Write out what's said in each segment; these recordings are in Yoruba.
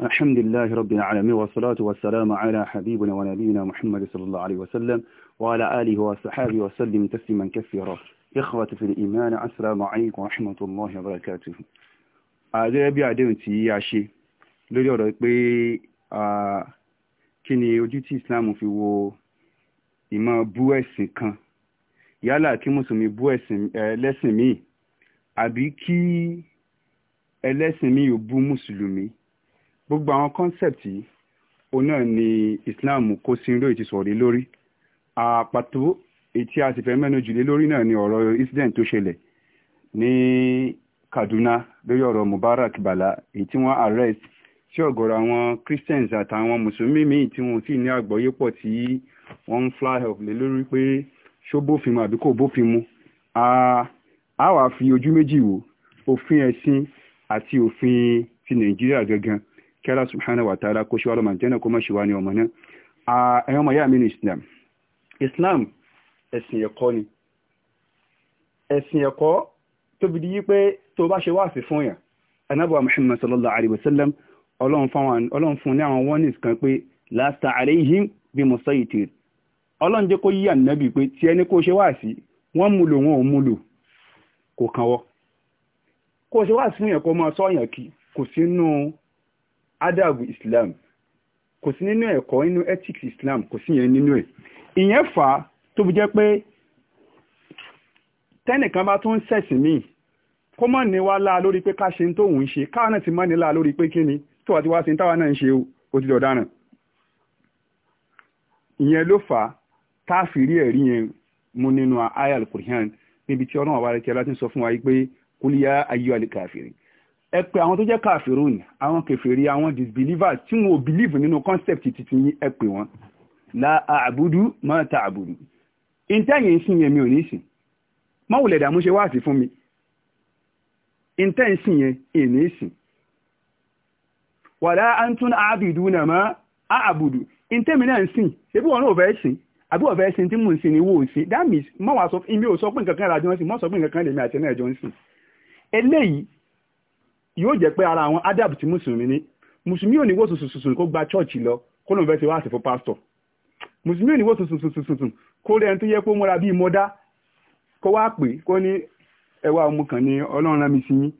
الحمد لله رب العالمين والصلاة والسلام على حبيبنا ونبينا محمد صلى الله عليه وسلم وعلى آله وصحابه وسلم تسليما كثيرا إخوة في الإيمان السلام عليكم ورحمة الله وبركاته أدري أبي أدري أنتي يا شيء lórí ọ̀rọ̀ pé kí ni ojú tí islam fi wo ìmọ̀ bú ẹ̀sìn kan yálà kí mùsùlùmí bú ẹlẹ́sìn míì gbogbo àwọn concept yìí òun ni Islam kó sínú èyí ti sọ̀rọ̀ lórí àpàtó èyí a sì fẹ́ mẹ́nu jùlé lórí náà ni ọ̀rọ̀ incident tó ṣẹlẹ̀ ní Kaduna lórí ọ̀rọ̀ Mubarak Bala èyí tí wọ́n arrest tí ọ̀gọ̀rọ̀ àwọn Christians àtàwọn mùsùlùmí míì tí wọ́n sì ní àgbọ́yé pọ̀ tí wọ́n ń fly off lé lórí pé ṣó bófin mu àbí kò bófin mu a wàá fi ojú méjì wò òfin ẹ̀sìn àti òfin ti Nàìjíríà gangan kí Allah subhanahu wa ta'ala kó ṣe wá lọ́mọ àjẹ́nà kó má ṣe ní ọmọ náà ẹ̀yọ́ ọmọ yá mi ní Islam Islam ẹ̀sìn ẹ̀kọ́ ni ẹ̀sìn ẹ̀kọ́ tóbi di wípé tó bá ṣe wáàsí fún yàn anábọ̀ Muhammad sallallahu alayhi wa sallam ọlọ́run fún ní àwọn lasta alayhim bí musaytir ọlọ́run jẹ́ kó yí ànábì pé tí ẹni kó ṣe wáàsí wọ́n mú lò wọn ò adabu islam kò sí nínú ẹ̀kọ́ nínú ethics islam kò sí yẹn nínú ẹ̀ ìyẹn fà á tó fi jẹ́ pé tẹ́nìkan bá tún ń ṣẹ̀sìn míì kó mọ̀ ní wá láà lórí pé ká ṣe ń tóun ń ṣe káà náà ti mọ̀ ní láà lórí pé kí tó wà tí wá sí táwa náà ń ṣe ó ti dọ̀daràn ìyẹn ló fà tá a fi rí ẹ̀rí yẹn mú nínú àyà al níbi tí ọlọ́run àwa rẹ̀ kí ẹ láti sọ fún wa yìí pé kúlíyà ayé àlè ẹ pé àwọn tó jẹ́ káfíròn àwọn kèfèrí àwọn disbelievers tí wọn ò believe nínú concept titi yín ẹ pé wọn la àbúdú má ta àbúdú ìntẹ́yìn ń sìn yẹn mi ò ní sìn mọ́wùlẹ̀ dààmú ṣe wáàsí fún mi ìntẹ́yìn sìn yẹn ìní sìn wàlá antún àbìdú nà má àbùdú ìntẹ́mi náà ń sìn ṣébí wọn náà fẹ́ sìn àbí wọn fẹ́ sìn tí mò ń sìn ni wò ó sìn that means mọ́wàá sọ fún mi ò sọ pé nǹkan kan làjọ ń sìn mọ́ sọ pé nǹkan kan lèmi àti náà jọ ń sìn eléyìí yóò jẹ́ pé ara àwọn adab ti mùsùlùmí ni mùsùlùmí ò ní wò sùsùsùsùn kó gba chọ́ọ̀chì lọ kó lóun fẹ́ ṣe wáàsí fún pásítọ̀ mùsùlùmí ò ní wò sùsùsùsùn kó rẹ̀ ń tó yẹ kó múra bíi mọ́dá kó wá pè kó ní ẹwà ọmọ kan ní ọlọ́run rán mi sí yín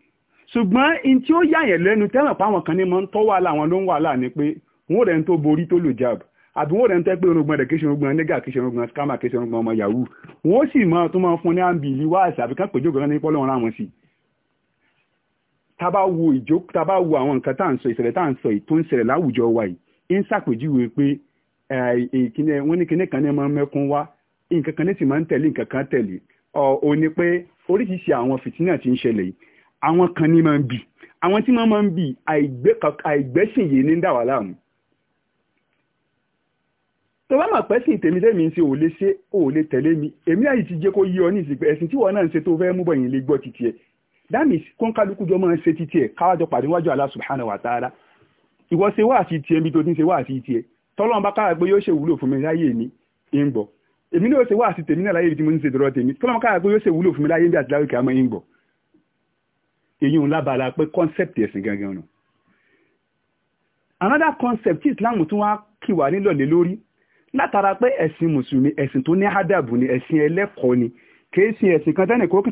ṣùgbọ́n in tí ó yàyàn lẹ́nu tẹ́ràn páwọn kan ní mọ́ ń tọ́ wàhálà àwọn ló ń wàhálà ni pé wọ́n rẹ̀ ń tó borí tó lò jáàbù àbí wọ́n rẹ̀ ń tẹ́ pé orogún rẹ̀ kí ṣe orogún nígà kí ṣe orogún scammer kí ṣe orogún ọmọ yahoo wọ́n sì mọ́ tó máa fún ní àǹbì ìlú wáàsì àbí ní pọ́lọ́run ráwọn sí i tábà wo ìjó tábà wo àwọn nǹkan tá à ń sọ ìṣẹ̀lẹ̀ tá à ń sọ tó ń ṣẹlẹ̀ láwùjọ wa yìí ń ṣàpèjúwe pé wọ́n ní kinní kan ní máa ń mẹ́kún wá nǹkan kan ní sì máa ń tẹ̀lé nǹkan kan tẹ̀lé ò ní pé oríṣiríṣi àwọn fìtínà tí ń ṣẹlẹ̀ yìí àwọn kan ní máa ń bì àwọn tí máa ń bì àìgbẹ́sìn yìí ní ń dà wá láàmú tó bá mà pẹ́ sí ìtèmi tẹ́mi ṣe ò lè ṣe ò lè tẹ̀lé mi èmi àyè ti jẹ́ kó yí ọ ní ìsìnkú ẹ̀sìn tí wọ́n náà ń ṣe tó fẹ́ mú bọ̀ lè gbọ́ titi ẹ̀ that means kọ́ńkálukú jọ máa ń ṣe títí ẹ̀ káwájọ pàdé wájú Allah subhanahu wa ta'ala ìwọ ṣe wá àti tiẹ̀ níbi tó ti ń ṣe wá àti tiẹ̀ tọ́lọ́n bá kára pé yóò ṣe wúlò fún mi láyé mi ń bọ̀ èmi náà ṣe wá àti tèmi náà láyé ibi tí mo ń ṣe dọ̀rọ̀ tèmi tọ́lọ́n bá kára pé yóò ṣe wúlò fún mi láyé bí àti láwùjọ àmọ́ ń bọ̀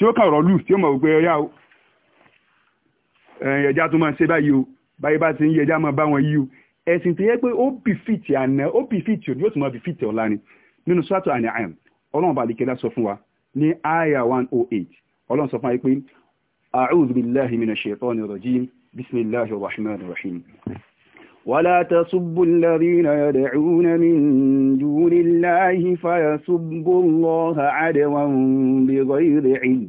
tí ó kàn rọ̀ lù tí ó mọ̀ wípé ọyá o ẹ̀já tó máa ṣe báyìí o báyìí bá ti ń yẹjá máa bá wọn yí o ẹ̀sìn tó yẹ pé ó bì fìtì àná ó bì fìtì òní ó tún máa bì fìtì ọ̀la ni nínú sọ́tò àná àyàn ọlọ́run bá sọ fún wa ní àyà one oh ọlọ́run sọ fún wa pé ولا تسبوا الذين يدعون من دون الله فيسبوا الله عدوا بغير علم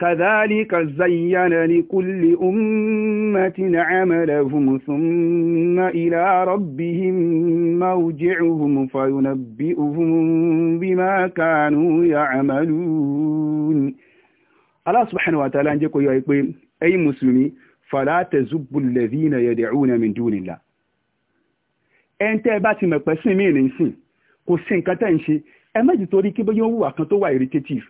كذلك زين لكل أمة عملهم ثم إلى ربهم مرجعهم فينبئهم بما كانوا يعملون الله سبحانه وتعالى يقول يا أي مسلمي فلا تزبوا الذين يدعون من دون الله ẹn tẹ́ ẹ bá ti mẹ̀pẹ́ sìn mí ìrìn sìn kò sí nǹkan tẹ́ ń ṣe ẹ méjì torí kí bóyá wùwà kan tó wà irritative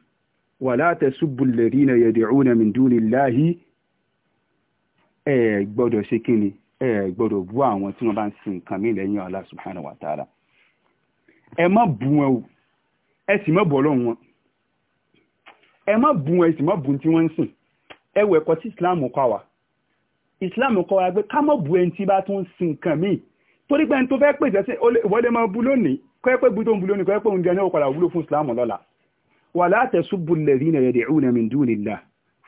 wala tasubbu alladhina yad'una min dunillahi ẹ gbọ́dọ̀ ṣe kí ni ẹ gbọ́dọ̀ bú àwọn tí wọ́n bá ń sin nǹkan mí lẹ́yìn Allah subhanahu wa ta'ala ẹ má bú wọn o ẹ sì má bú Ọlọ́run wọn ẹ má bú wọn ẹ sì má bú tí wọ́n ń sìn ẹ wọ ẹ̀kọ́ Islam kọ́ wa Islam kọ́ wa pé ká má bú ẹni tí bá tún sin nǹkan míì torí pé ẹni tó fẹ́ pèsè sí ìwọlé máa bu lónìí kọ́ ẹ pé bu tó ń bu lónìí kọ́ ẹ pé oúnjẹ náà padà wúlò fún islam lọ́la wala tasubbu alladhina yad'una min dunillah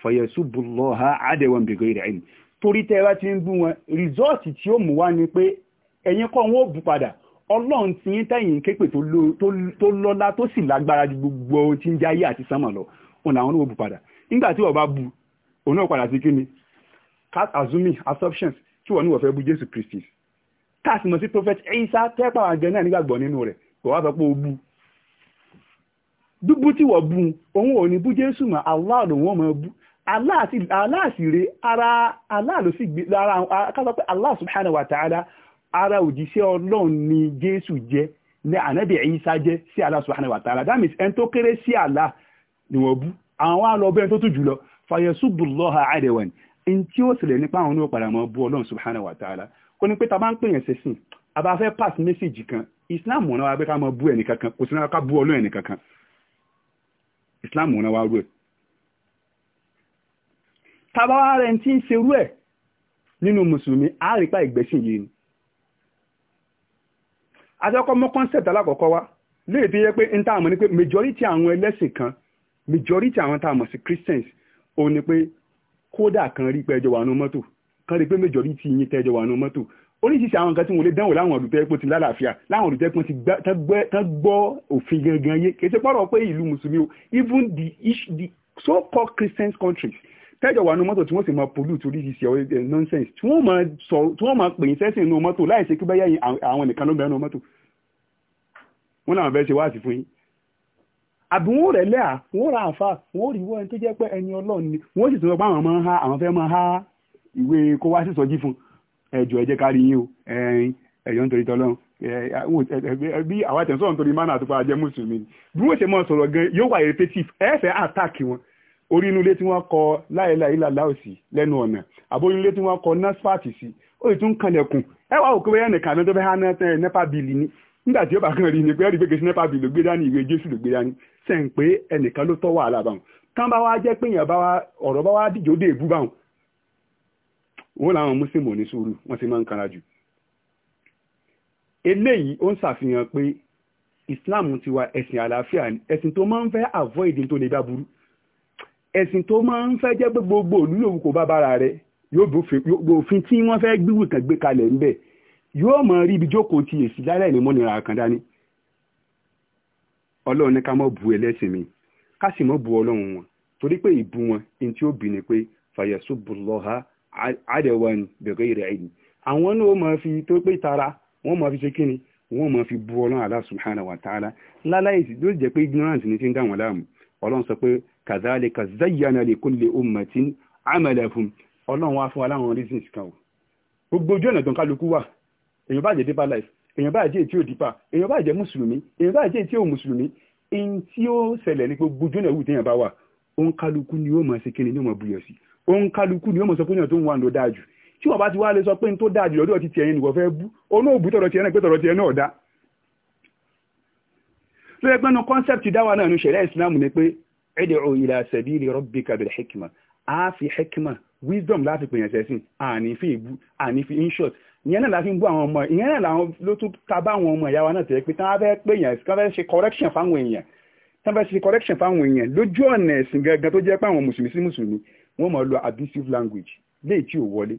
fayasubbu Allaha adwan bighayri ilm torí tẹ́ ẹ bá ti ń bú wọn rìsọ́ọ̀tì tí ó mú wá ni pé ẹ̀yin kọ́ wọn ò bù padà ọlọ́run ti yín tẹ̀yìn képè tó lọ́lá tó sì lágbára ju gbogbo tí ń jáyé àti sánmọ̀ lọ òun làwọn ò bù padà nígbà tí wọ́n bu òun náà padà sí kí ni cat assuming assumptions tí wọ́n ní wọ́n fẹ́ bú Jésù Kristi kaasị mọ̀ sí prophet isa tẹ́pà àgbẹ̀ náà nígbàgbọ́ nínú rẹ̀ kò wá sọ pé ó bú dúbú tí wọ́n bú ala ò ma bú jésù mọ́ Allah ló wọ́n bú Allah sì ara Allah ló sì gbé lára kásọ pé ara òjíṣẹ́ ọlọ́run ni jésù jẹ́ ní isa jẹ́ sí Allah tó kéré sí ni wọ́n bú àwọn tó jùlọ àdẹ̀wẹ̀n tí ó nípa subhanahu wa ta'ala ó ní pé ta bá ń pèyàn ṣẹ̀sìn àbá fẹ́ pass message kan islam ọ̀nà wa pé ká mọ bú ẹnì kankan kò sí náà ká bú ọlọ́ọ̀ ẹnì kankan islam ọ̀nà wa rú ẹ̀ tàbá wa rẹ̀ tí ń ṣe rú ẹ̀ nínú mùsùlùmí àárípa ìgbẹ́sìn yìí ni àtẹ́kọ́ mọ́ concept alákọ̀ọ́kọ́ wa léè tó yẹ pé n táàmù ni pé majority àwọn ẹlẹ́sìn kan majority àwọn táàmù sí christians òun ni pé kódà kan rí pé wà nínú mọ́tò kan rí pé majority yín tẹ́jọ wà nù mọ́tò oríṣiríṣi àwọn nǹkan tí wọ́n lè dánwò láwọn ìlú tẹ́pọ̀ ti lálàáfíà láwọn ìlú tẹ́pọ̀ ti gbọ́ òfin gangan yé kì í ṣe pọ́rọ̀ pé ìlú mùsùlùmí o even the, the so-called Christian countries tẹ́jọ wà nù mọ́tò tí wọ́n sì máa pollute oríṣiríṣi ọ̀rẹ́ eh, nonsense tí wọ́n máa sọ tí wọ́n máa pè é sẹ́sìn nù mọ́tò láì ṣe kí bẹ́yà yín àwọn nìkan ló bẹ̀rẹ̀ nù mọ́tò wọ́n làwọn fẹ́ ṣe wáàsí fún yín àbí wọn ò rẹ̀ lẹ́à wọ́n ra àfa wọ́n rí wọ́n tó jẹ́ pé ẹni ọlọ́run ni wọ́n sì tún lọ bá àwọn máa ń ha àwọn fẹ́ máa ha ìwé kó wá sí sọjí fún ẹjọ ẹjẹ kárí yín o ẹyin ẹjọ nítorí tọlọ́run bí àwọn àtẹ̀sọ́ nítorí mánà àtúpà jẹ́ mùsùlùmí bí wọ́n ṣe mọ́ sọ̀rọ̀ gan yóò wà irritative ẹ̀fẹ̀ àtàkì wọn orí inú ilé tí wọ́n kọ láìláìlà láòsì lẹ́nu ọ̀nà àbóyún ilé tí wọ́n kọ nọ́sfàtì sí ó sì tún kanlẹ̀kùn ẹ wá òkú bẹ́yà nìkan náà tó fẹ́ há nẹ́pà bìlì ni nígbà tí ó bá kàn rí ni pé ẹ̀rí pé sí nẹ́pà bìlì ló ìwé jésù ló gbé sẹ́ǹ pé ẹnìkan ló tọ́ wàhálà báwọn tán bá wá jẹ́ pé èèyàn bá wá ọ̀rọ̀ bá wá dìjọ́ dé èbú báwọn wọ́n làwọn muslim ò ní sùúrù wọ́n ti máa ń kanra jù eléyìí ó ń ṣàfihàn pé islam ti wa ẹ̀sìn àlàáfíà ni ẹ̀sìn tó máa ń fẹ́ avoid tó lè bá burú ẹ̀sìn tó máa ń fẹ́ jẹ́ pé gbogbo olúlòwú kò bá bára rẹ̀ yóò bófin tí wọ́n fẹ́ gbígbù kan gbé kalẹ̀ ńbẹ̀ yóò mọ̀ rí ibi jókòó ti èsì lálẹ́ ní mọ́nira kan dání ọlọ́run ní ká mọ́ bu ẹlẹ́sìn mi ká sì mọ́ bu ọlọ́run wọn torí pé ìbú wọn ní tí ó bì ní pé fàyẹ̀sùbùlọ́ha àdẹ̀wọ̀n bẹ̀rẹ̀ ìrẹ̀ ẹ̀yìn àwọn náà ó máa fi tó pé tara wọ́n máa fi ṣe kíni wọ́n máa fi bu ọlọ́run Allah subhanahu wa ta'ala láláìsí ló jẹ́ pé ignorance ni ti ń dá wọn láàmú ọlọ́run sọ pé kadhalika zayyana li kulli ummatin amalahum ọlọ́run wá fún wa láwọn reasons kan o gbogbo ojú ọ̀nà tó ń kálukú wà èèyàn bá jẹ́ deeper life èèyàn bá jẹ́ tí ó deeper èèyàn bá jẹ́ mùsùlùmí èèyàn bá jẹ́ tí ó mùsùlùmí in tí ó ṣẹlẹ̀ ní gbogbo ojú ọ̀nà wù téèyàn bá wà ó ń kálukú ni ó máa ṣe kíni ní ó máa buyọ̀ sí i ó ń kálukú ni ó mọ̀ sọ pé èèyàn tó ń wà ló dáa jù tí wọ́n bá ti wá lè sọ pé n tó dáa jù lọ́dọ̀ ti tiẹ̀ yẹn nìkan fẹ́ bú òun ò tọ̀rọ̀ tiẹ̀ náà pé tọ̀rọ̀ tiẹ̀ náà dá. ló yẹ pẹ́nu concept dáwà náà nu ṣẹ̀ríà ìsìlámù ni pé ẹ̀dẹ̀ ila sabili rabbika bil hikma á fi hikma wisdom láti pèyàn sẹ́sìn àní fi ìbú àní fi inshort ìyẹn náà la fi ń bú àwọn ọmọ ìyẹn náà làwọn ló tún ta bá correction fáwọn èèyàn tán fẹ́ correction fáwọn èèyàn lójú ọ̀nà ẹ̀sìn gangan tó jẹ́ pé àwọn mùsùlùmí sí mùsùlùmí wọ́n ma lo abusive language léyìí tí ò wọlé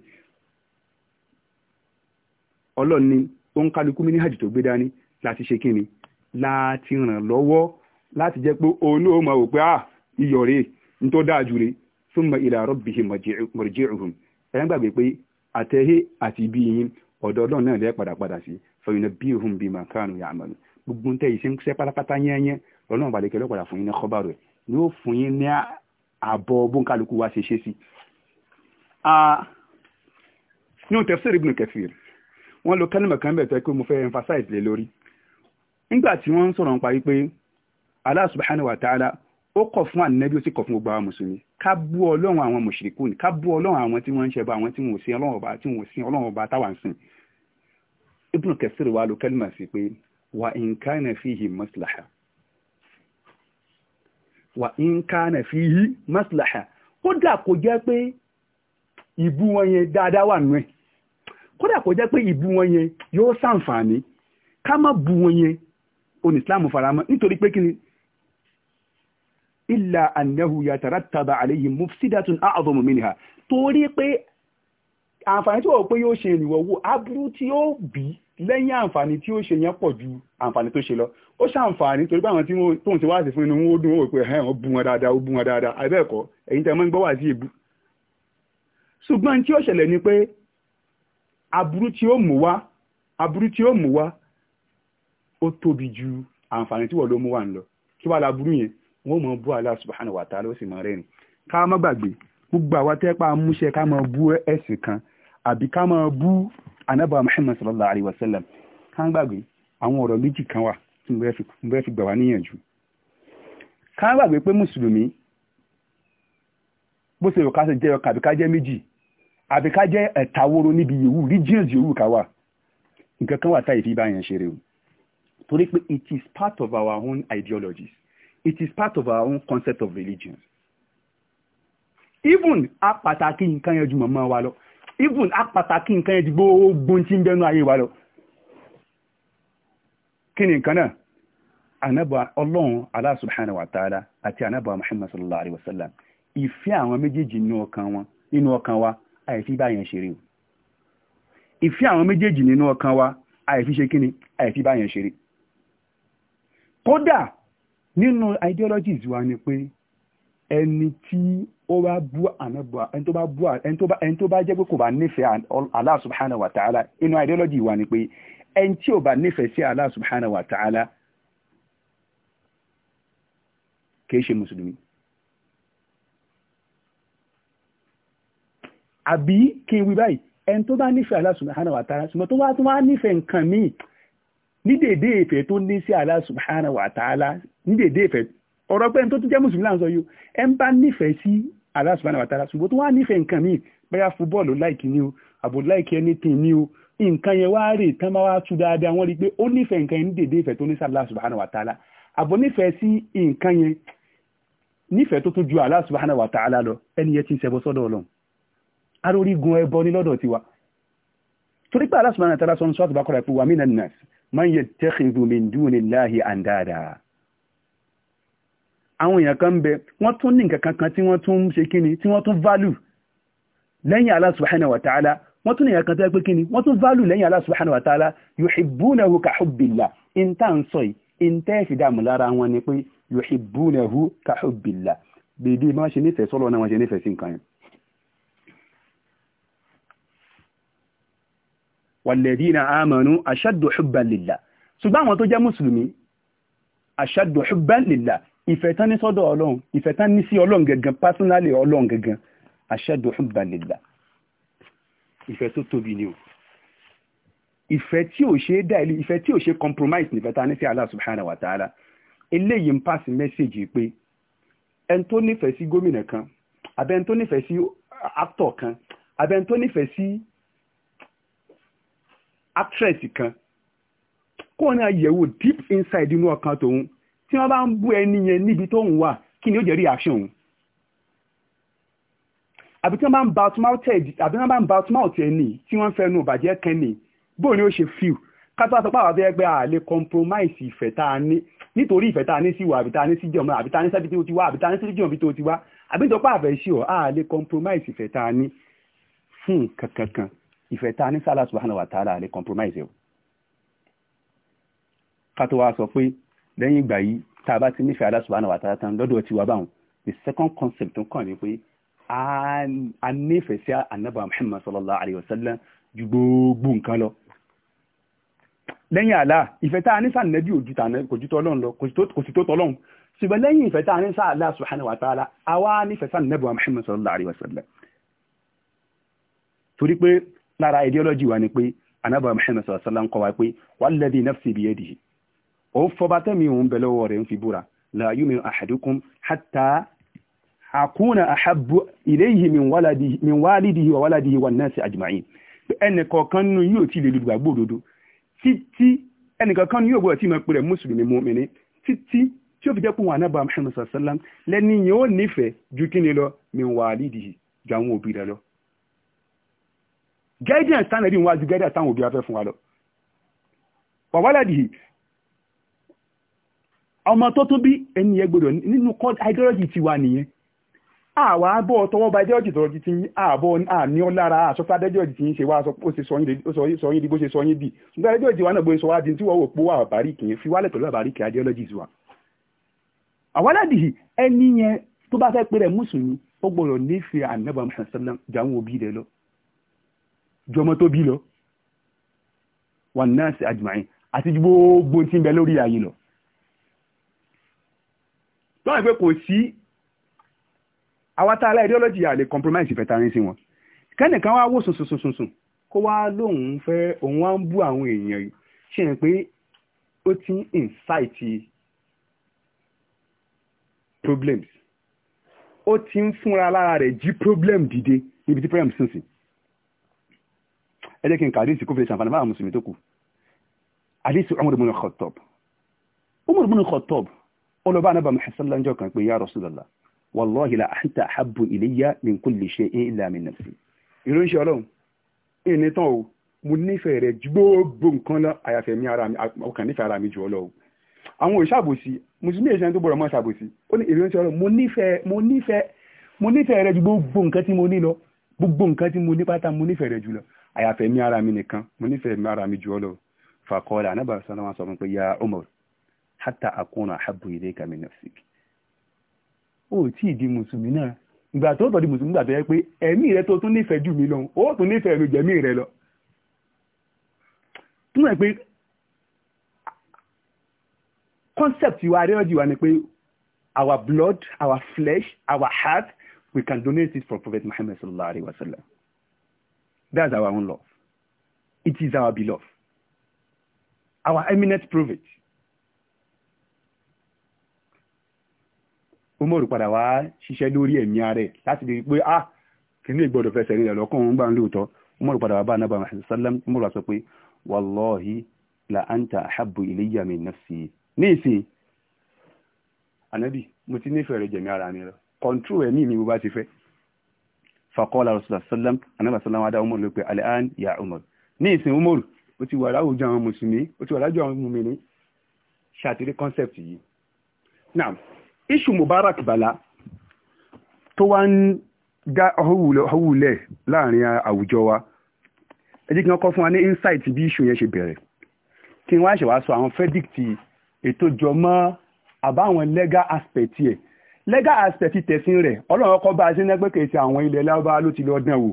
ọlọ́run ni ó ń kálukú mi ní hajj tó gbé dání láti ṣe kí ni láti ràn lọ́wọ́ láti jẹ́ pé òun náà máa wò pé ah iyọ̀ rèé n tó dáa jù rèé ila rabbihim marji'uhum ẹ̀ ń gbàgbé pé àtẹ̀hé àti ibi yín ọ̀dọ̀ ọlọ́run náà lẹ́ bima kanu gbogbo ń tẹ́ ìṣe ń ṣe pátápátá yẹ́nyẹ́ ọlọ́run balẹ̀ padà fún yín ní kọ́bà rẹ̀ yóò fún àbọ̀ bóńkálukú wa ṣe ṣe sí. ní òun tafsir Ibn Kathir wọ́n lo kẹ́lìmọ̀ kan bẹ̀rẹ̀ pé mo fẹ́ emphasize lé lórí nígbà tí wọ́n ń sọ̀rọ̀ nípa wípé Allah subhanahu wa ta'ala ó kọ̀ fún ànábì ó sì kọ̀ fún gbogbo àwọn mùsùlùmí ká bú ọlọ́run àwọn mushrikun ká bú ọlọ́run àwọn tí wọ́n ń ṣẹbọ àwọn tí wọ́n sin ọlọ́run ọba tí wọ́n sin ọlọ́run ọba táwa ń sìn Ibn Kathir wa lo kẹ́lìmọ̀ sí pé wa in kana fihi maslaha wà ń kánà fi yí maslaha kódà kò jẹ́ pé ìbú wọn yẹn dáadáa wà nù ẹ̀ kódà kò jẹ́ pé ìbú wọn yẹn yóò ṣàǹfààní ká má bu wọn yẹn oní islam faramọ́ nítorí pé kí ni illa annahu yatarattaba alayhi mufsidatun a'zamu minha torí pé àǹfààní tí wọ́n pé yóò ṣe ìrìnwọ̀wò aburú tí yóò bí lẹ́yìn àǹfààní tí ó ṣe yẹn pọ̀ ju àǹfààní tó ṣe lọ ó ṣàǹfààní torí pé àwọn tí tóun ti wáàsí fún inú ó dùn ó pé ẹ̀ ó bu wọn dáadáa ó bu wọn dáadáa àbẹ́ẹ̀kọ́ ẹ̀yin tẹ́ mọ́ ń gbọ́ wà sí èbú ṣùgbọ́n tí ó ṣẹlẹ̀ ni pé aburú tí ó mú wá aburú tí ó mú wá ó tóbi ju àǹfààní tí wọ́n ló mú wá ń lọ kí wàá laburú yẹn wọ́n mọ̀ bú Allah subhanahu wa ta'ala anábà muhammad sallallahu alayhi wa sallam ká gbàgbé àwọn ọ̀rọ̀ méjì kan wà tí mo fi gbà wá níyànjú ká gbàgbé pé mùsùlùmí bó ṣe yọ̀ká ṣe jẹ́ ọkàn àbí jẹ́ méjì àbí ká jẹ́ ẹ̀tàwóró níbi yòówù regions yòówù ká wà nǹkan kan wà táyì fi bá yẹn ṣeré o torí pé it is part of our own ideologies it is part of our own concept of religion even a pàtàkì nǹkan yẹn ju mọ̀mọ́ wa lọ even apàtàkì nǹkan ẹ̀dìgbò ogun tí ń bẹnu ayé wa lọ kí ni nǹkan náà anábà ọlọ́run Allah subhanahu wa ta'ala àti anábà muhammad sallallahu alaihi wasallam ìfẹ́ àwọn méjèèjì nínú ọkàn wa àìfi báyẹn ṣeré o ìfẹ́ àwọn méjèèjì nínú ọkàn wa àìfi ṣe kíni àìfi báyẹn ṣeré kódà nínú ideologies wa ni pé ẹni tí ó wá bú ànábùá ẹni tó bá bú ẹni tó bá jẹ́ pé kò bá nífẹ̀ẹ́ Allah subhanahu wa ta'ala inú ideology wa ni pé ẹni tí ò bá nífẹ̀ẹ́ sí Allah subhanahu wa ta'ala kìí ṣe mùsùlùmí. àbí kí n wí báyìí ẹni tó bá nífẹ̀ẹ́ Allah subhanahu wa ta'ala ṣùgbọ́n tó wá tó wá nífẹ̀ẹ́ nǹkan míì ní dèdè ìfẹ́ tó ní sí Allah subhanahu wa ta'ala ní dèdè ìfẹ́ ọ̀rọ̀ pé ẹni tó tún jẹ́ mùsùlùmí láǹsọ yìí ẹ ń bá nífẹ̀ẹ́ sí Allah subhanahu wa ta'ala ṣùgbọ́n tó wá nífẹ̀ẹ́ nǹkan míì bóyá fúbọ́ọ̀lù láìkì ni o àbò láìkì anything ni o nǹkan yẹn wá rè tán bá wá tú dáadáa wọ́n rí i pé ó nífẹ̀ẹ́ nǹkan yẹn ní dèdè ìfẹ́ tó ní sí Allah subhanahu wa ta'ala àbò nífẹ̀ẹ́ sí nǹkan yẹn nífẹ̀ẹ́ tó tún ju Allah subhanahu wa ta'ala lọ ẹni yẹn ti ń ṣẹbọ sọ́dọ̀ Ọlọ́run arórígun ẹbọ ní lọ́dọ̀ tiwa torí pé Allah subhanahu wa ta'ala sọ ní sọ́ọ̀tù bá kọ́ra pé wàmínà nàás man yattakhidhu min dunillahi andada àwọn èèyàn kan ń bẹ wọ́n tún ní nǹkan kankan tí wọ́n tún ṣe kíni tí wọ́n tún value lẹ́yìn Allah subhanahu wa ta'ala wọ́n tún ní nǹkan kan tó yẹ pé kíni wọ́n tún value lẹ́yìn Allah subhanahu wa ta'ala yuhibbunahu ka hubbillah in tá à ń sọ yìí in tẹ́ ẹ̀ fi ìfẹ́ tán ní sọ́dọ̀ ọlọ́run ìfẹ́ tán ní sí ọlọ́run gangan personally ọlọ́run gangan ashaddu hubban lillah ìfẹ́ tó tóbi ni o ìfẹ́ tí ò ṣe é dá ilé ìfẹ́ tí ò ṣe compromise a ní sí Allah subhanahu wa ta'ala eléyìí ń pass message pé ẹni tó nífẹ̀ẹ́ sí gómìnà kan abẹ́ni tó nífẹ̀ẹ́ sí actor kan abẹ́ni tó nífẹ̀ẹ́ sí actress kan kó náà yẹ̀wò deep inside inú ọkàn tòun tí wọ́n bá ń bú ẹni yẹn níbi tó ń wà kí ni ó jẹ́ reaction òun àbí tí wọ́n bá ń bá ọtúmáwọ̀tì ẹni tí wọ́n ń fẹnu ìbàjẹ́ kẹ́ni bóun ni ó ṣe feel kátó àtọ́pá àwọn ẹgbẹ́ àlè compromise ìfẹ́ tá a ní nítorí ìfẹ́ tá a ní sí wa àbí tá a ní sí jọmọ àbí tá a ní sábì tí ó ti wá àbí tá a ní sí jọmọ bí tó ti wá àbí nítorí pàfẹ́ sí ọ àlè compromise ìfẹ́ tá a ní fún kankankan ìfẹ́ tá a ní sálà subhanahu wa ta'ala àlè compromise ẹ̀ kátó wa sọ pé lẹ́yìn ìgbà yìí tá a bá ti nífẹ̀ẹ́ Allah subhanahu wa ta'ala tán báwọn the second concept tó kàn ní pé a nífẹ̀ẹ́ sí anábà Muhammad sallallahu alayhi wa sallam ju gbogbo nǹkan lọ lẹ́yìn Allah ìfẹ́ tá a ní sànẹ́bí kò ju tọ́lọ́run lọ kò sì tó tọ́lọ́run ṣùgbọ́n lẹ́yìn ìfẹ́ tá a ní sá Allah subhanahu wa ta'ala àwa nífẹ̀ẹ́ sànẹ́bà Muhammad sallallahu alayhi wa sallam torí pé lára ideology wa ni pé anábà Muhammad sallallahu alayhi wa sallam kọ́ wa pé walladhi nafsi biyadihi òun fọba tẹ́mi òun bẹ̀ lọ́wọ́ rẹ̀ ń fi búra la yu'minu ahadukum hatta akuna ahabbu ilayhi min waladihi min walidihi wa waladihi wan nasi ajma'in ẹnì kọ̀ọ̀kan nínú yóò ti lè lùgbàgbọ́ òdodo títí ẹnì kọ̀ọ̀kan nínú yóò gbọ́dọ̀ tí mo pè rẹ̀ mùsùlùmí mọ́mìnì títí tí ó fi dẹ́kun wà nábàá Muhammad sallam ọmọ tó tún bí ẹni yẹn gbọdọ̀ nínú ideology ti wa nìyẹn àwa bọ̀ tọwọ́ ba ideology tọrọ ti ti yín àbọ̀ àní ọlára àsọpá ideology ti yín ṣe wá ó ṣe sọ yín di bó ṣe sọ yín di ṣùgbọ́n ideology wa náà gbé sọ wá di tí wọ́n wò pé wà bàrí kì í fi wálẹ̀ pẹ̀lú àbárí kì í ideology wa. àwọ̀ládìí ẹni yẹn tó bá fẹ́ pé rẹ̀ mùsùlùmí ó gbọ́dọ̀ nífẹ̀ẹ́ ànábà mùsùlùmí jàǹwó bí rẹ̀ bí lọ́nà pé kò sí awátá aláìdíọ́lọ́jì àlè compromise ìfẹ́tarínsí wọn kẹ́nìkan wá wò sùnsùnsùnsùn kó wá lóun fẹ́ òun wá ń bú àwọn èèyàn yìí ṣe é pé ó ti ń incite problems ó ti ń fúnra lára rẹ̀ jí problem dìde níbi tí problem sínsìn ẹ jẹ́ kí n kàdé ìsìnkú fèrè ṣàǹfààní fáwọn mùsùlùmí tó kù àdéhùn Umar ibn Khattab Umar ibn Khattab ó lọ bá anábà mọ̀ṣẹ́sọ́lá ńjọ́ kan pé ya Rasulullah wallahi la anta ahabbu ilayya min kulli shay'in illa min nafsi. ìránṣẹ́ ọlọ́run ìní tán o mo nífẹ̀ẹ́ rẹ̀ ju gbogbo nǹkan lọ àyàfẹ́ mi ara mi ọkàn nífẹ̀ẹ́ ara mi jù ọ lọ o. àwọn òṣàbòsí mùsùlùmí èsì tó gbọ́dọ̀ mọ́ ṣàbòsí ó ní ìránṣẹ́ ọlọ́run mo nífẹ̀ẹ́ mo nífẹ̀ẹ́ mo nífẹ̀ẹ́ rẹ̀ ju gbogbo nǹkan tí mo ní lọ gbogbo nǹkan tí mo ní pátá mo nífẹ̀ẹ́ rẹ̀ jù lọ àyàfẹ́ mi ara mi nìkan mo nífẹ̀ẹ́ mi ara mi jù ọ lọ. fàkọọ́lá anábàásọ́lá wọn sọ fún pé ya Umar hátà akuna habu ilé kàmí nafsik ó tí ì di mùsùlùmí náà ìgbà tó tọ́ di mùsùlùmí gbà tó yẹ pé ẹ̀mí rẹ tó tún nífẹ̀ẹ́ jù mí lọ ó tún nífẹ̀ẹ́ mi jẹ̀mí rẹ lọ túmọ̀ pé concept you are ready ni pé our blood our flesh our heart we can donate it for prophet muhammad sallallahu alaihi wasallam that's our own love it is our beloved our eminent prophet umaru padà wá ṣiṣẹ́ lórí ẹ̀mí ara ẹ̀ láti di pé ah kìíní ìgbọ́dọ̀ fẹsẹ̀ rìn lọ́kùnrin gbà ń lóòótọ́ umaru padà wá bá anábà muhammad sallam umaru sọ pé wàlọ́ọ̀hì la anta ahabbu ilayya min nafsi ní ìsìn anabi mo ti nífẹ̀ẹ́ rẹ̀ jẹ̀mí ara mi lọ kọ̀ǹtró ẹ̀mí mi bó bá ti fẹ́ faqala rasulullah sallam anábà sallam adá umaru ló pé al'an ya umar ní iṣu Mubarak Bala tó wá ń dá ọ̀húwulẹ̀ láàrin àwùjọ wa ẹ jẹ́ kí wọ́n kọ́ fún wa ní insight bí iṣu yẹn ṣe bẹ̀rẹ̀ kí wọ́n ṣe wá sọ àwọn verdict ètò jọmọ́ àbáwọn legal aspect yẹn legal aspect tẹ̀sìn rẹ̀ ọlọ́run ọkọ̀ bá a ṣe ń lẹ́gbẹ̀ẹ́ àwọn ilẹ̀ lábá ló ti lọ dán wò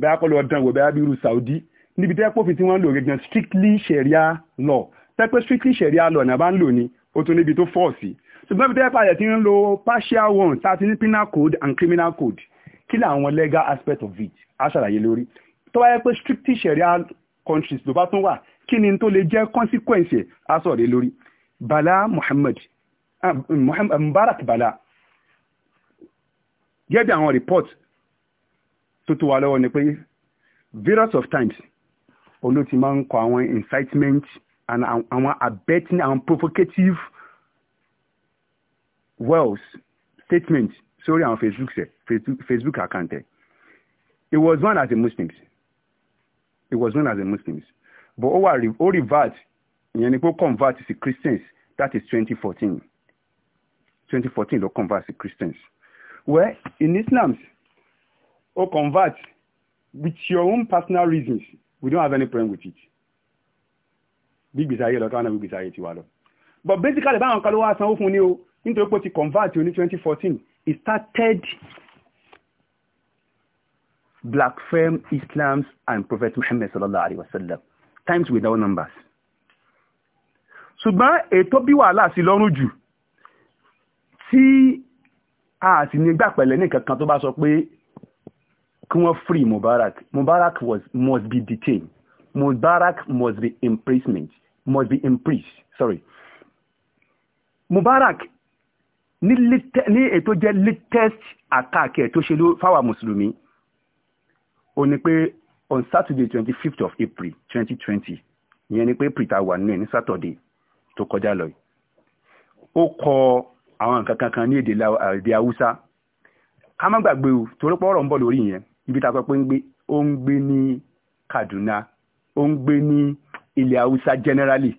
bẹ́ẹ̀ kọ́ lọ dán wò bẹ́ẹ̀ bí irú Saudi níbi tẹ́ pòfin tí wọ́n lò gẹ́gẹ́ strictly sharia law tẹ́pẹ́ strictly sharia law náà bá ń lò ní o tún níbi tó fọ́ọ̀sì So maybe tẹ́lẹ̀pá rẹ̀ ti ń lo partial one tá a ti penal code and criminal code kí ni àwọn legal aspect of it a ṣàlàyé lórí tó bá yẹ pé strict sharia countries ló bá tún wà kí ni tó lè jẹ́ consequence ẹ̀ a sọ̀rọ̀ bala ah, muhammad mubarak bala gẹ́gẹ́ bí àwọn report tó to allow on the pé various of times olóòtú máa ń incitement and our abetting and provocative Wells statement Sorry on Facebook ṣe Facebook account ẹ̀ he was known as a Muslim he was known as a Muslim but ó wà ó revert ìyẹn ni pé convert to Christians that is 2014. 2014, twenty convert to Christians well in Islam ó convert with your own personal reasons we don't have any problem with it bí gbèsè ayé lọ káwọn náà bí gbèsè ayé tiwa lọ but basically báwọn kan ló wá sanwó fún ni o nítorí pé ó ti convert ní 2014 he started black firm Islam and Prophet Muhammad sallallahu alayhi wa sallam times without numbers ṣùgbọ́n ètò bí wàhálà sí lọ́rùn jù tí a sì ní gbà pẹ̀lẹ́ nìkankan tó bá sọ pé kí wọ́n free Mubarak Mubarak was, must be detained Mubarak must be imprisonment must be imprisoned sorry Mubarak ní ètò jẹ́ latest attack ẹ̀ tó ṣe fáwa mùsùlùmí ó ní pé on saturday twenty fifth of april twenty twenty ìyẹn ni pé april ta wà nínú ẹ̀ ní saturday tó kọjá lọ yìí ó kọ àwọn nǹkan kankan ní èdè haúsá ká má gbàgbé o torí pé ọ̀rọ̀ ń bọ̀ lórí yẹn ibi tá a sọ pé ó ń gbé ní kaduna ó ń gbé ní ilẹ̀ haúsá generally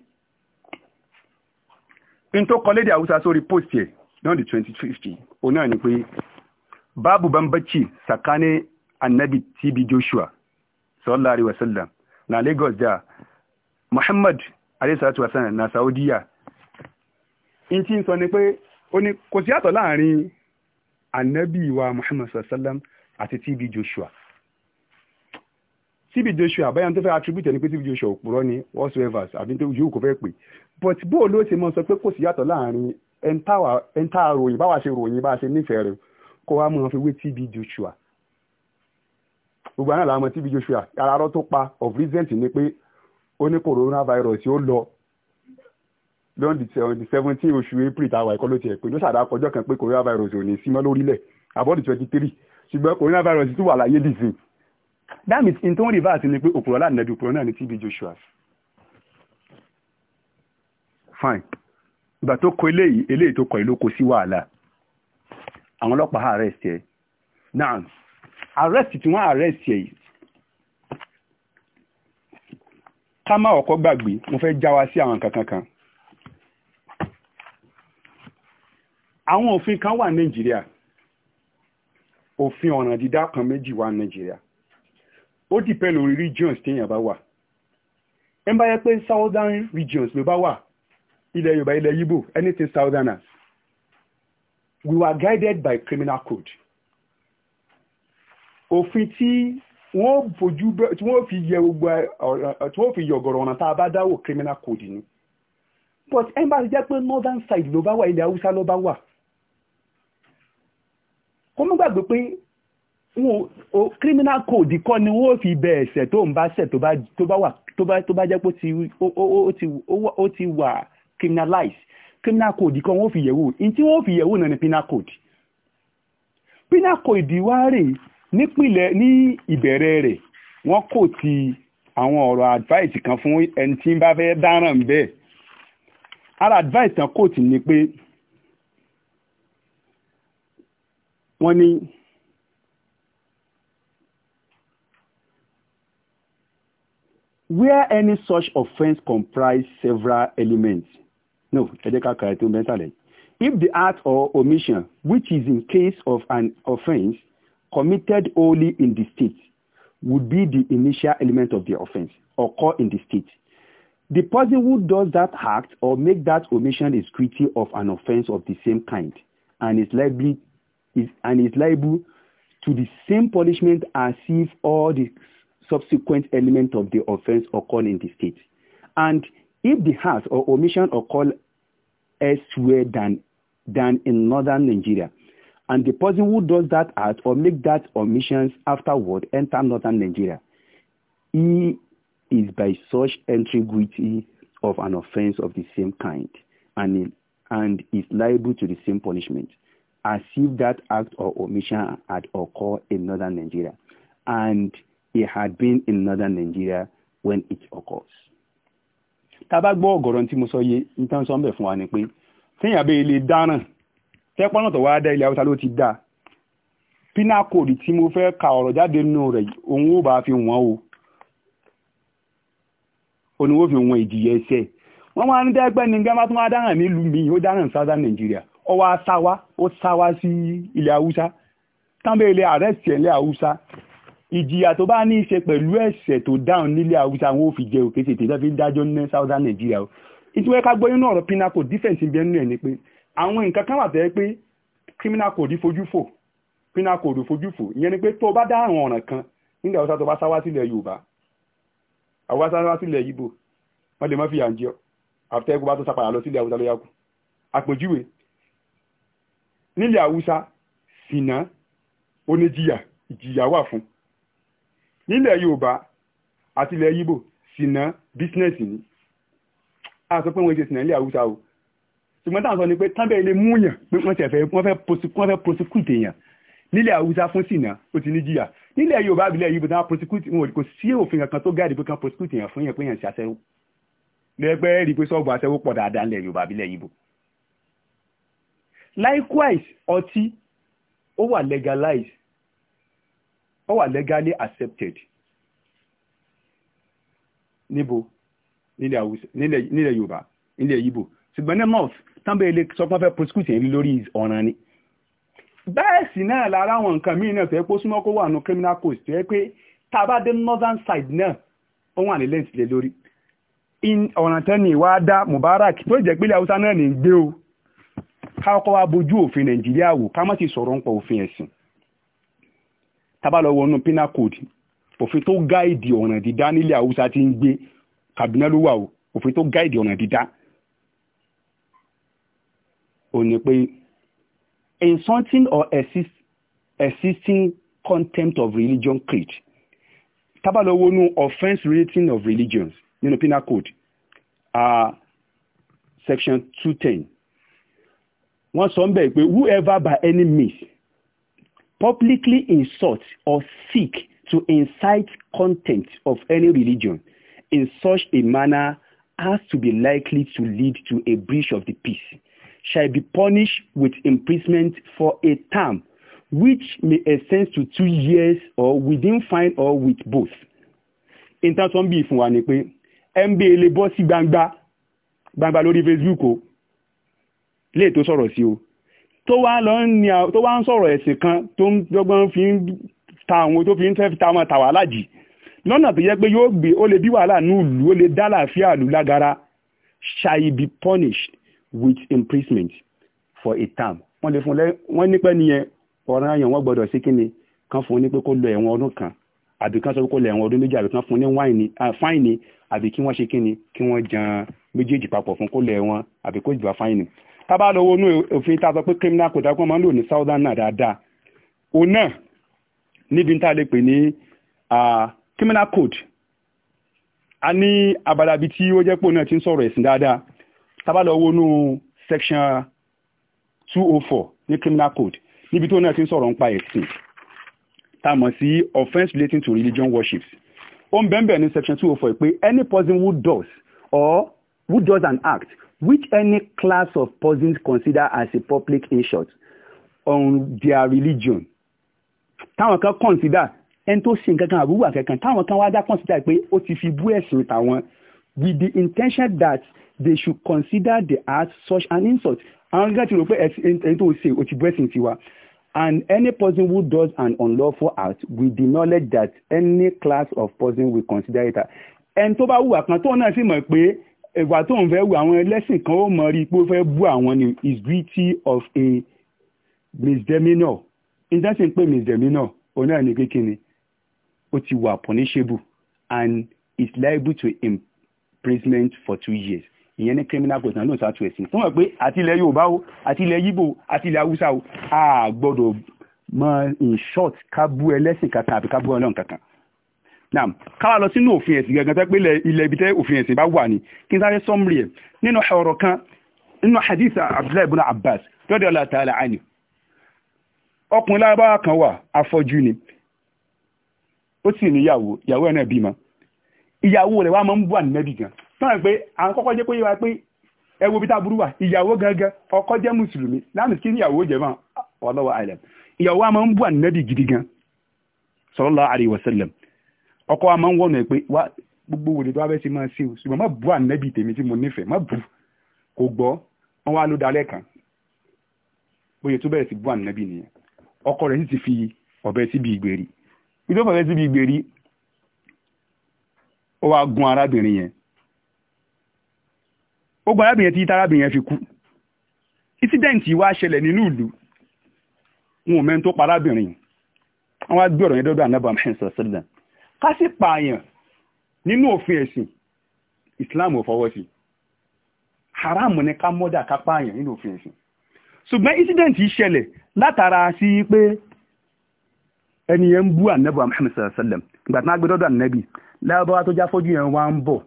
n tó kọ lédè haúsá sórí post yẹn náà di twenty fifty òun náà ni pé báàbù bambanci tsakanin annabi tb joshua sallallahu alaihi wasallam na lagos da muhammad alaihi salatu wasallam na saudiya in ti sọ ni pé ó ní kò sí àtọ̀ láàrin annabi wa muhammad sallallahu alaihi wasallam àti tb joshua tb joshua báyọ̀ tó fẹ́ attribute ẹni pé tb joshua òpùrọ́ ni whatsoever àbí tó yóò kó fẹ́ pè but bóòlù ó ti mọ sọ pé kò sí àtọ̀ láàrin ẹn tá a ròyìn báwa ṣe ròyìn bá a ṣe nífẹ̀ẹ́ rẹ̀ kó wá mọ̀ fi wé TB Joshua gbogbo àná làwọn ọmọ TB Joshua ara rọ tó pa of recent ni pé ó ní coronavirus ó lọ lọ́n di seventeen oṣù april táwa ẹ̀kọ́ ló ti ẹ̀ pé ló ṣàdákọ̀ ọjọ́ kan pé coronavirus ò ní sí mọ́ lórílẹ̀ abọ́dì twenty three ṣùgbọ́n coronavirus tún wà láyé dìsìn that means in tó ń reverse ni pé òpùrọ̀ láàrin ẹ̀dùn òpùrọ̀ náà ni TB Joshua fine ìgbà tó kọ eléyìí eléyìí tó kọ ìlú kò sí wàhálà àwọn ọlọ́pàá arrest ẹ̀ náà arrest tí wọ́n arrest ẹ̀ yìí ká má ọkọ̀ gbàgbé mo fẹ́ já wa sí àwọn kankan kan àwọn òfin kan wà Nàìjíríà òfin ọ̀ràn dídá kan méjì wà Nàìjíríà ó dìpẹ́ lórí regions téèyàn bá wà ẹ bá yẹ pé southern regions ló bá wà ilẹ̀ yorùbá ilẹ̀ yibo anything southerners we were guided by criminal code òfin tí wọ́n bẹ́ tí wọ́n fi yẹ gbogbo ọ̀rọ̀ tí wọ́n fi yẹ ọ̀gọ̀rọ̀ ọ̀nà tá a bá criminal code ni but ẹ jẹ́ pé northern side ló bá wà ilẹ̀ haúsá ló bá wà kó mọ́ gbàgbé pé wọn criminal code kọ́ ni wọ́n fi bẹ ẹ̀ṣẹ̀ tó ń bá ṣẹ̀ tó bá wà tó bá jẹ́ pé ó ti wà criminalize criminal code kan wọ́n fi yẹ̀wò in tí wọ́n fi yẹ̀wò náà ni penal code penal code wá rè nípìnlẹ̀ ní ìbẹ̀rẹ̀ rẹ̀ wọ́n kò ti àwọn ọ̀rọ̀ advice kan fún ẹni tí ń bá fẹ́ dáràn bẹ́ẹ̀ ara advice tán kò tì ní pé wọ́n ní. Where any such offense comprise several elements, no ẹ jẹ́ ká kàrẹ́ tó if the act or omission which is in case of an offence committed only in the state would be the initial element of the offence occur in the state the person who does that act or make that omission is guilty of an offence of the same kind and is liable is and is liable to the same punishment as if all the subsequent element of the offence occur in the state. And If the house or omission occur elsewhere than, than in northern Nigeria, and the person who does that act or make that omissions afterward enter northern Nigeria, he is by such entry guilty of an offense of the same kind and, and is liable to the same punishment as if that act or omission had occurred in northern Nigeria and it had been in northern Nigeria when it occurs. tábà gbọ́ ọ̀gọ̀rọ̀ tí mo sọ yé nǹkan sọ ń bẹ̀ fún wa ni pé téèyàn bẹ́ẹ̀ lè dáràn tẹ́pọ́nà tó wá dá ilẹ̀ haúsá ló ti dá pínákòdì tí mo fẹ́ ka ọ̀rọ̀ jáde nínú rẹ̀ òun ó bá fi wọ́n o òun ó fi wọ́n ìjìyà ẹsẹ̀ wọ́n máa ń dẹ́gbẹ́ ní gẹ́gẹ́ bá tún wá dáràn nílùú mi ó dáràn southern Nigeria ó wá ó sáwá sí ilẹ̀ haúsá tábẹ́ ilẹ̀ àrẹ́sì ilẹ̀ haúsá ìjìyà tó bá ní í ṣe pẹ̀lú ẹ̀ṣẹ̀ tó dáhùn nílé haúsá wọn ò fi jẹ òkè tètè lọ́fi ń dájọ́ ní southern Nigeria o ìtura ká gbọ́ nínú ọ̀rọ̀ penal code difference ń bẹ nínú ẹ̀ ni pé àwọn nǹkan kan wà tẹ́ pé criminal code fojú fò penal code fojú fò ìyẹn ni pé tó o bá dá àwọn ọ̀ràn kan nílẹ̀ haúsá tó bá sáwá sílẹ̀ Yorùbá àwọn sáwá sílẹ̀ Ìgbò wọ́n lè má fi yàn jẹ́ àfẹ́ kó bá tó sápàdà lọ sílẹ̀ nílẹ̀ yorùbá àti ilẹ̀ yíbò sìnà bísínẹ́sì ni a sọ pé wọ́n ṣe sìnà ilẹ̀ haúsá o ṣùgbọ́n táwọn sọ ni pé tábẹ́ ilé múyàn pé wọ́n fẹ́ wọ́n fẹ́ prosecute èèyàn nílẹ̀ haúsá fún sìnà ó ti ní jìyà nílẹ̀ yorùbá àbílẹ̀ yíbò táwọn prosecute wọn kò sí òfin kankan tó gáàdì pé kan prosecute èèyàn fún yẹn pé yẹn ṣe aṣẹ́wó lẹ́gbẹ́ rí pé sọ́ọ̀bù aṣẹ́wó pọ̀ dáadáa nílẹ̀ yorùbá àbílẹ̀ yíbò likewise ọtí ó wà legalize ó wà legally accepted níbo nílẹ̀ yorùbá nílẹ̀ yíbò ṣùgbọ́n ní north tánbẹ̀ ilé sọ pé wọ́n fẹ́ prosecute yẹn lórí ọ̀ràn ni bẹ́ẹ̀ sì náà lára àwọn nǹkan míì náà fẹ́ pé ó súnmọ́ kó wà ní criminal court tó yẹ pé tá bá dé northern side náà ó wà ní lẹ́ǹtì lé lórí ọ̀ràn tẹ́ni ìwà dá Mubarak tó jẹ́ pé ilẹ̀ haúsá náà ní gbé o ká kọ́ wa bójú òfin Nàìjíríà wò ká má ti sọ̀rọ̀ ń pa òfin ẹ̀sìn tábàlọ́ wọnú penal code òfin tó gáìdì ọ̀ràn dídá nílẹ̀ haúsá ti ń gbé kàbínà ló wà o òfin tó gáìdì ọ̀ràn dídá ò ní pé insulting or assist, assisting contempt of religion creed tábàlọ́ wọnú offence relating of religions nínú penal code uh, section two ten wọ́n sọ ń bẹ̀ pé whoever by any means publicly insult or seek to incite contempt of any religion in such a manner as to be likely to lead to a breach of the peace shall be punished with imprisonment for a term which may extend to two years or within fine or with both. Intan tó ń bí ìfún wa ni pé MBA lè bọ́ sí gbangba gbangba lórí Facebook o lè tó sọ̀rọ̀ sí o tó wá ń sọ̀rọ̀ ẹ̀sìn kan tó ń dọ́gbọ́n fi ń ta àwọn tó fi ń fẹ́ fi ta wọn tà wàhálà jì lọ́nà tó yẹ pé yóò gbé ó lè bí wàhálà ní ìlú ó lè dá làáfíà lù lágara shall he be punished with imprisonment for a term wọ́n lè fún lẹ́ wọ́n nípẹ́ nìyẹn ọ̀ràn ayàn wọ́n gbọ́dọ̀ sí kíni kan fún un ní pé kó lọ ẹ̀wọ̀n ọdún kan àbí kan sọ pé kó lọ ẹ̀wọ̀n ọdún méjì àbí kan fún un ní fáìní àbí kí wọ́n ṣe kíni kí wọ́n jan méjèèjì papọ̀ fún kó lọ ẹ̀wọ̀n àbí kó jìbà fáìní tábà lọ́wọ́ inú òfin tá a sọ pé criminal code agbọ́n máa ń lò ní southern náà dáadáa òun náà níbi tá a lè pè ní criminal code a ní abala bíi tí ó jẹ́ pò náà ti ń sọ̀rọ̀ ẹ̀sìn dáadáa tábà lọ́wọ́ inú section two oh four ní criminal code níbi tó náà ti ń sọ̀rọ̀ pa ẹ̀sìn tá a mọ̀ sí offence relating to religion worship ó ń bẹ́ẹ̀ bẹ́ẹ̀ ní section two oh four pé any person who does or who does an act which any class of persons consider as a public insult on their religion táwọn kan consider ẹni tó ṣe nǹkan kan àbúrò àkẹ́kàn táwọn kan wá consider pé ó ti fi bú ẹ̀sìn tàwọn with the intention that they should consider the act such an insult àwọn gẹ́gẹ́ ti rò pé ẹni tó ṣe ó ti bú ẹ̀sìn tiwa and any person who does an unlawful act with the knowledge that any class of person will consider it ẹni tó bá hùwà kan tó náà sì mọ̀ pé ìgbà tó ń fẹ́ wù àwọn ẹlẹ́sìn kan ó mọ rí i pé ó fẹ́ bú àwọn ni is guilty of a misdemeanor ìdánsìn pé misdemeanor òun náà ní kékeré ó ti wà punishable and is liable to imprisonment for two years ìyẹn ní criminal court náà ló ń sàtú ẹ̀sìn fún wọn pé àti ilẹ̀ Yorùbá o àti ilẹ̀ Yíbò àti ilẹ̀ Haúsá o a gbọ́dọ̀ mọ in short ká bú ẹlẹ́sìn kankan àbí ká bú Ọlọ́run kankan na káwá lọ sínú òfin ẹ̀sìn gẹ́gẹ́ tẹ́ pé ilẹ̀ ibi tẹ́ òfin ẹ̀sìn bá wà ní kí n sáré sọ́mùrì ẹ̀ nínú ọ̀rọ̀ kan nínú hadith abdullahi abbas lọ́dẹ̀ ọ̀la tààlà àní ọkùnrin kan wà afọ́jú ni ó sì níyàwó ìyàwó ẹ̀ náà ìyàwó rẹ̀ máa ń gan pé à ń kọ́kọ́ jẹ́ wa máa ọkọ wa máa ń wọ̀nà ẹ̀ pé wá gbogbo wòlé tó wá fẹ́ ṣe máa ṣe o ṣùgbọ́n má bu ànábì tèmi tí mo nífẹ̀ẹ́ má bu kò gbọ́ wọn wá ló dalẹ̀ kan bóyá tó bẹ̀rẹ̀ sí bu ànábì nìyẹn ọkọ rẹ̀ sì ti fi ọ̀bẹ síbi ìgbèrí ìjọ bẹ̀rẹ̀ síbi ìgbèrí ó wá gun arábìnrin yẹn ó gun arábìnrin yẹn tí arábìnrin yẹn fi kú ìsídẹ̀ǹtì wá ṣẹlẹ̀ nínú ìlú wọn ò mẹ́ni tó pa arábìnrin wọn wá gbé ọ̀rọ̀ yẹn dọ́dọ̀ ká sì pààyàn nínú òfin ẹ̀sìn islam ò fọwọ́ sí haram ni ká mọ́dà ká pààyàn nínú òfin ẹ̀sìn ṣùgbọ́n incident yìí ṣẹlẹ̀ látara sí pé ẹni yẹn ń bú ànẹ́bù Muhammad sallallahu alaihi wasallam ìgbà tán agbẹ́dọ́dọ̀ ànẹ́bì lábọ́wá tó já fọ́jú yẹn wá ń bọ̀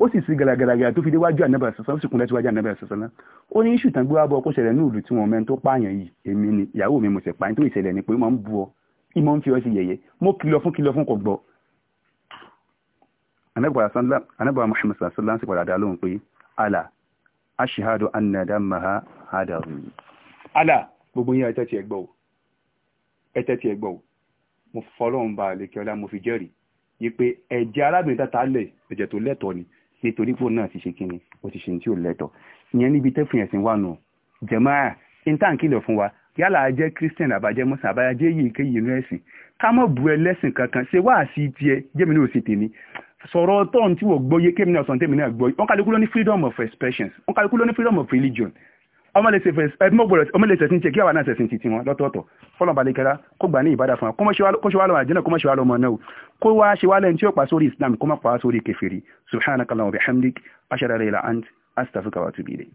ó sì sí gàràgàràgàrà tó fi déwájú ànẹ́bà sọ̀sán ó sì kúnlẹ̀ síwájú ànẹ́bà sọ̀sán ó ní iṣu tán gbé wá bọ̀ kó ṣẹlẹ̀ ní ìlú tí wọ́n mẹ́ni tó pààyàn yìí èmi ni ìyàwó mi mo sì pààyàn tó ìṣẹ̀lẹ̀ ni pé mo ń bú ọ kí ń fi ọ sí yẹ̀yẹ́ mo kìlọ̀ fún kìlọ̀ fún kò gbọ́ anábàá muhammad sallallahu alaihi wasallam dá lóhùn pé àlà aṣíhádù annada maha hadaru àlà gbogbo yín ẹ̀tẹ́ ti ẹgbọ́ ẹ̀tẹ́ ti ẹgbọ́ mo fọlọ́run bá lè kí ọlá mo fi jẹ́rìí yí pé ẹ̀jẹ̀ arábìnrin tata lẹ̀ ẹ̀jẹ̀ tó lẹ́tọ̀ọ́ ni nítorí pò náà ti ṣe kí ni ó ti ṣe tí ò lẹ́tọ̀ọ́ ìyẹn níbi tẹ́fìn ẹ̀sìn wà nù jẹ̀máà intankilọ̀ fún wa yálà ajẹ́ christian àbájẹ́ mọ́sán àbájẹ́ yìí kéyìí inú ẹ̀sìn ká mọ̀ bu ẹlẹ́sìn kankan ṣe wáàsí tiẹ̀ jẹ́mi ní òsì tèmi sọ̀rọ̀ tọ́n tí wọ́n gbọ́yé kémi náà sọ̀tẹ́mi náà gbọ́yé wọ́n kálukú ló ní freedom of expression wọ́n kálukú ló ní freedom of religion ọmọlẹsẹ tí ń ṣe kí àwọn náà ṣẹ̀sìn ti tiwọn lọ́tọ̀ọ̀tọ̀ fọlọ́n balẹ̀kẹ́lá kó gbà ní ìbádà fún wa kó ṣe wá lọ́wọ́ àjẹ́nà kó má ṣe wá lọ́mọ náà kó wá ṣe wá lẹ́yìn tí ó pa sórí Islam kó má pa sórí kèfèrí subhanakallahumma wa bihamdik ashhadu an la ilaha illa ant astaghfiruka wa atubu ilayk